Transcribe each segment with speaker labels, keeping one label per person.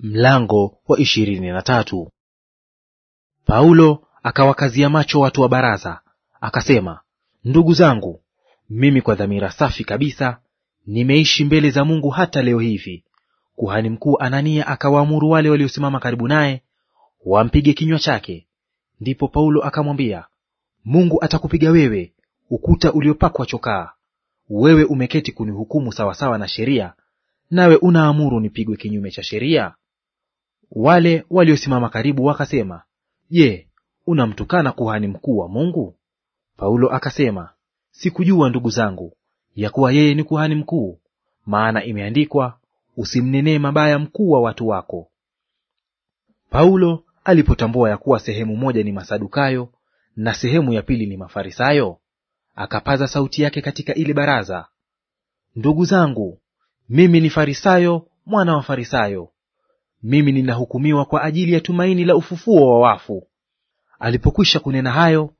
Speaker 1: Mlango wa ishirini na tatu. Paulo akawakazia macho watu wa baraza akasema, ndugu zangu, mimi kwa dhamira safi kabisa nimeishi mbele za Mungu hata leo hivi. Kuhani mkuu Anania akawaamuru wale waliosimama karibu naye wampige kinywa chake. Ndipo Paulo akamwambia, Mungu atakupiga wewe, ukuta uliopakwa chokaa. Wewe umeketi kunihukumu sawasawa na sheria, nawe unaamuru nipigwe kinyume cha sheria? Wale waliosimama karibu wakasema, Je, unamtukana kuhani mkuu wa Mungu? Paulo akasema, sikujua ndugu zangu, ya kuwa yeye ni kuhani mkuu, maana imeandikwa, usimnenee mabaya mkuu wa watu wako. Paulo alipotambua ya kuwa sehemu moja ni Masadukayo na sehemu ya pili ni Mafarisayo, akapaza sauti yake katika ile baraza, ndugu zangu, mimi ni Farisayo, mwana wa Farisayo, mimi ninahukumiwa kwa ajili ya tumaini la ufufuo wa wafu. Alipokwisha kunena hayo,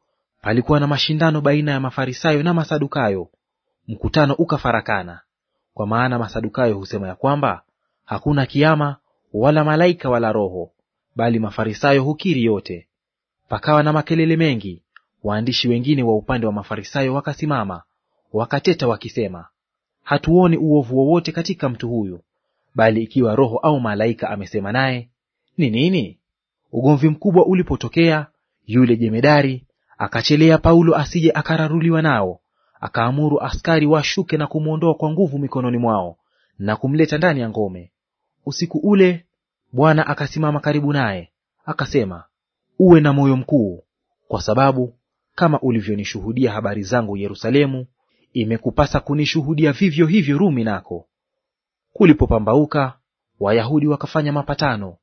Speaker 1: palikuwa na mashindano baina ya Mafarisayo na Masadukayo. Mkutano ukafarakana, kwa maana Masadukayo husema ya kwamba hakuna kiama wala malaika wala roho, bali Mafarisayo hukiri yote. Pakawa na makelele mengi. Waandishi wengine wa upande wa Mafarisayo wakasimama wakateta wakisema, hatuoni uovu wowote katika mtu huyu, Bali ikiwa roho au malaika amesema naye ni nini, ugomvi mkubwa ulipotokea, yule jemedari akachelea Paulo asije akararuliwa nao, akaamuru askari washuke na kumwondoa kwa nguvu mikononi mwao na kumleta ndani ya ngome. Usiku ule Bwana akasimama karibu naye akasema, uwe na moyo mkuu, kwa sababu kama ulivyonishuhudia habari zangu Yerusalemu, imekupasa kunishuhudia vivyo hivyo Rumi nako. Kulipopambauka, Wayahudi wakafanya mapatano,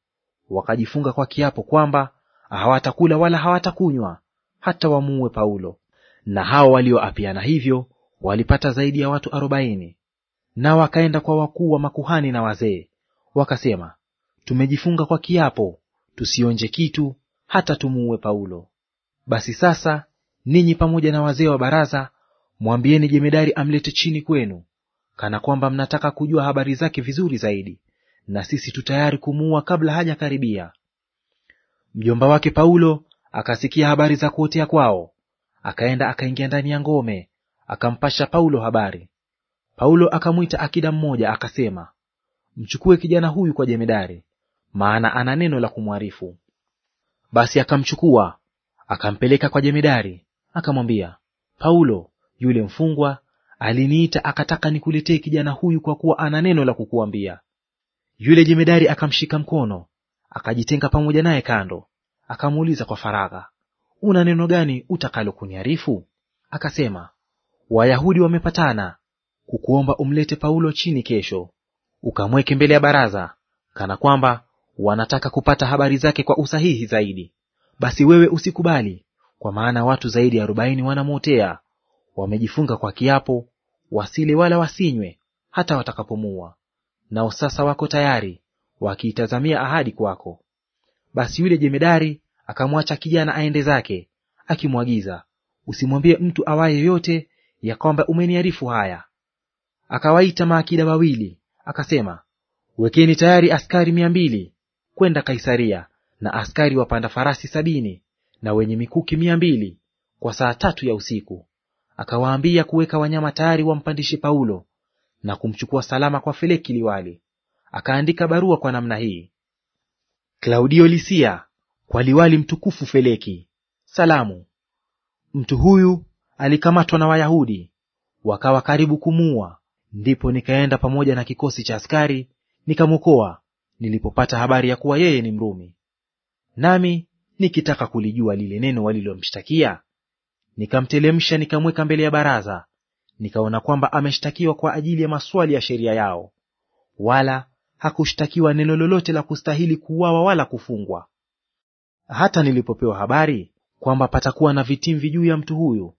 Speaker 1: wakajifunga kwa kiapo kwamba hawatakula wala hawatakunywa hata wamuue Paulo. Na hao walioapiana hivyo walipata zaidi ya watu arobaini. Na wakaenda kwa wakuu wa makuhani na wazee, wakasema, tumejifunga kwa kiapo tusionje kitu hata tumuue Paulo. Basi sasa, ninyi pamoja na wazee wa baraza, mwambieni jemedari amlete chini kwenu, kana kwamba mnataka kujua habari zake vizuri zaidi, na sisi tu tayari kumuua kabla hajakaribia. Mjomba wake Paulo akasikia habari za kuotea kwao, akaenda akaingia ndani ya ngome, akampasha Paulo habari. Paulo akamwita akida mmoja akasema, mchukue kijana huyu kwa jemedari, maana ana neno la kumwarifu. Basi akamchukua akampeleka kwa jemedari, akamwambia, Paulo yule mfungwa aliniita akataka nikuletee kijana huyu, kwa kuwa ana neno la kukuambia. Yule jemedari akamshika mkono, akajitenga pamoja naye kando, akamuuliza kwa faragha, una neno gani utakalo kuniarifu? Akasema, Wayahudi wamepatana kukuomba umlete Paulo chini kesho, ukamweke mbele ya baraza, kana kwamba wanataka kupata habari zake kwa usahihi zaidi. Basi wewe usikubali, kwa maana watu zaidi ya arobaini wanamwotea, wamejifunga kwa kiapo wasile wala wasinywe hata watakapomua. Nao sasa wako tayari wakiitazamia ahadi kwako. Basi yule jemedari akamwacha kijana aende zake, akimwagiza, usimwambie mtu awaye yote ya kwamba umeniarifu haya. Akawaita maakida wawili akasema, wekeni tayari askari mia mbili kwenda Kaisaria, na askari wapanda farasi sabini na wenye mikuki mia mbili kwa saa tatu ya usiku akawaambia kuweka wanyama tayari wampandishe Paulo na kumchukua salama kwa Feleki liwali. Akaandika barua kwa namna hii: Klaudio Lisia kwa liwali mtukufu Feleki, salamu. Mtu huyu alikamatwa na Wayahudi wakawa karibu kumuua, ndipo nikaenda pamoja na kikosi cha askari nikamwokoa, nilipopata habari ya kuwa yeye ni Mrumi. Nami nikitaka kulijua lile neno walilomshtakia, Nikamtelemsha, nikamweka mbele ya baraza, nikaona kwamba ameshtakiwa kwa ajili ya maswali ya sheria yao, wala hakushtakiwa neno lolote la kustahili kuuawa wala kufungwa. Hata nilipopewa habari kwamba patakuwa na vitimvi juu ya mtu huyu,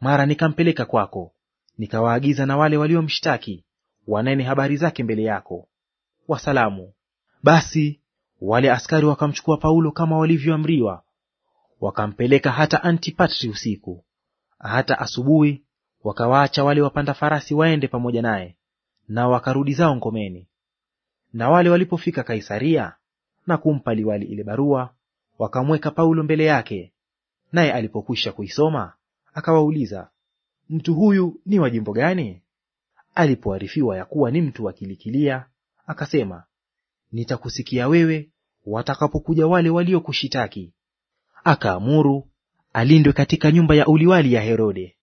Speaker 1: mara nikampeleka kwako, nikawaagiza na wale waliomshtaki wanene habari zake mbele yako, wasalamu. Basi wale askari wakamchukua Paulo kama walivyoamriwa, Wakampeleka hata Antipatri usiku. Hata asubuhi wakawaacha wale wapanda farasi waende pamoja naye, nao wakarudi zao ngomeni. Na wale walipofika Kaisaria na kumpa liwali ile barua, wakamweka Paulo mbele yake. Naye alipokwisha kuisoma akawauliza, mtu huyu ni wa jimbo gani? Alipoarifiwa ya kuwa ni mtu wa Kilikilia, akasema, nitakusikia wewe watakapokuja wale waliokushitaki akaamuru alindwe katika nyumba ya uliwali ya Herode.